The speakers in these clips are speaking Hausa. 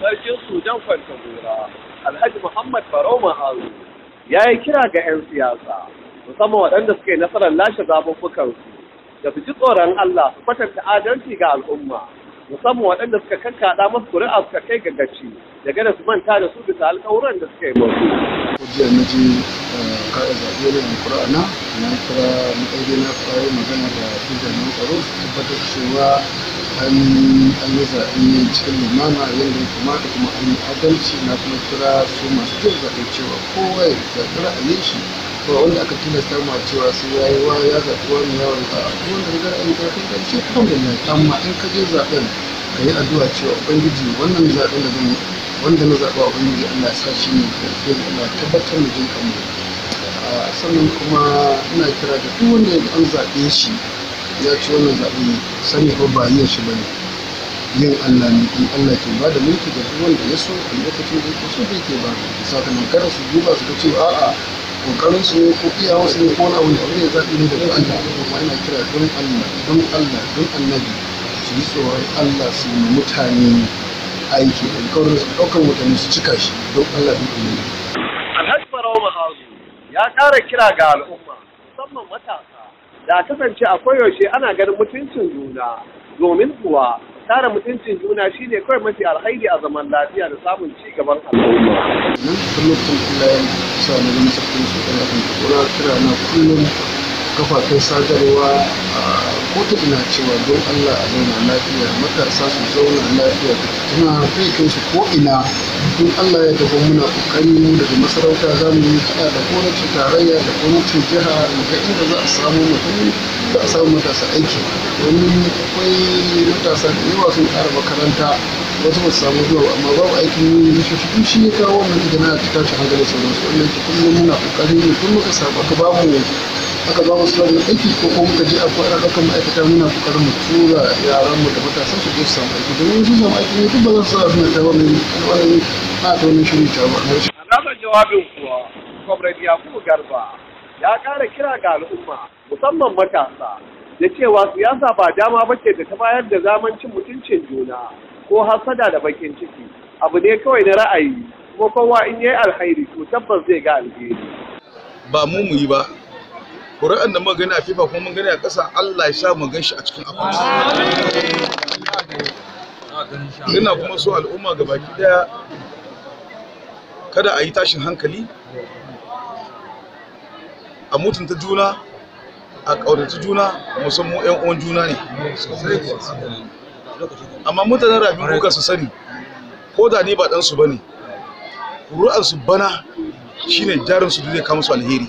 sarkin sudan kwanta gora alhaji muhammad Farau ma'azu ya yi kira ga 'yan siyasa musamman waɗanda suke nasarar lashe zaɓuɓɓukansu da su ji tsoron allah su kwatanta adalci ga al'umma musamman waɗanda suka kakkaɗa masu kuri'a suka kai ga gaci da gada su manta da su bisa alƙawuran da suka yi masu. na ji eh, kaɗa zaɓe da na na kira na na magana da tsaro tabbatar cewa an yi zaɓe cikin lumana yadda ya kamata kuma an yi adalci na kuma kira su masu jin zaɓe cewa kowa ya zaɓi ra'ayin shi ba wanda aka tilasta ma cewa sai ya yi wa ya zaɓi wani yawon ba a kuma da rigar ayi kafin ƙarshe alhamdulillah amma in ka je zaɓen ka yi addu'a cewa ubangiji wannan zaɓen da zan yi wanda na zaɓa ubangiji Allah ya sa shi ne karfe Allah tabbatar da jin kanmu sannan kuma ina kira da duk wanda an zaɓe shi ya ci wannan zaɓen ne sani ko ba yin shi ba ne yin Allah ne in Allah ke ba da mulki ga duk wanda ya so a lokacin da ya so da yake ba sakamakon kada su duba su ga ce a'a kokarin su ne ko iya wasu ne ko wani abu ne abu ne zaɓi ne daga Allah kuma ina kira don Allah don Allah don annabi su yi tsoron Allah su yi mutane aiki kawai su ɗaukar mutane su cika shi don Allah don annabi. Alhaji Barawa Mahazu ya ƙara kira ga al'umma musamman matasa da kasance a koyaushe ana ganin mutuncin juna domin kuwa tsara mutuncin juna shine kawai mafi alhaidi a zaman lafiya da samun ci gaban al'umma. Kullum sa na wani sarkin su ɗan kira na kullum kafafen sadarwa a kotu ina cewa don Allah a zauna lafiya matasa su zauna lafiya tuna kai su ko ina in allah ya gaba muna kokari mu daga masarauta za mu yi haɗa da gwamnatin tarayya da gwamnatin jiha ga inda za a samu mutum za a samu matasa aiki domin akwai matasa da yawa sun ƙara makaranta wasu ba su samu zuwa amma babu aikin yi shi shi ya kawo wannan da na ta tashi hankali sauransu wannan kullum muna kokari ne tun muka saba ka babu aka ba mu sulan aiki ko kuma muka je a faɗa ɗaukar ma'aikata muna kokarin mu tura yaran mu da matasan su je su samu aiki domin su samu aiki ne duk ba za su samu abin wani na ta wani shirin ta ba. Na jawabin kuwa, Comrade Yakubu Garba ya ƙara kira ga al'umma musamman matasa da cewa siyasa ba dama ba ce da ta bayar da zamancin mutuncin juna ko hasada da bakin ciki abu ne kawai na ra'ayi kuma kowa in yi alkhairi to tabbas zai ga alheri. Ba mu mu yi ba, ƙuri'an da muka gani a fifa kuma mun gani a ƙasa allah ya sha mu gan shi a cikin akwai ina kuma so al'umma ga baki daya kada a yi tashin hankali a mutunta juna a ƙaunaci juna musamman 'yan uwan juna ne amma mutanen rafin kuka su sani ko da ni ba ɗansu ba ne su bana shine jarin da zai kama su alheri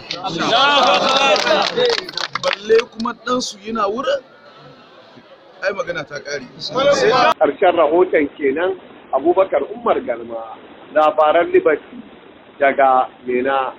kuma ɗansu yana wurin ai magana ta Karshen rahoton kenan Abubakar Umar Galma labaran Liberty daga Mena.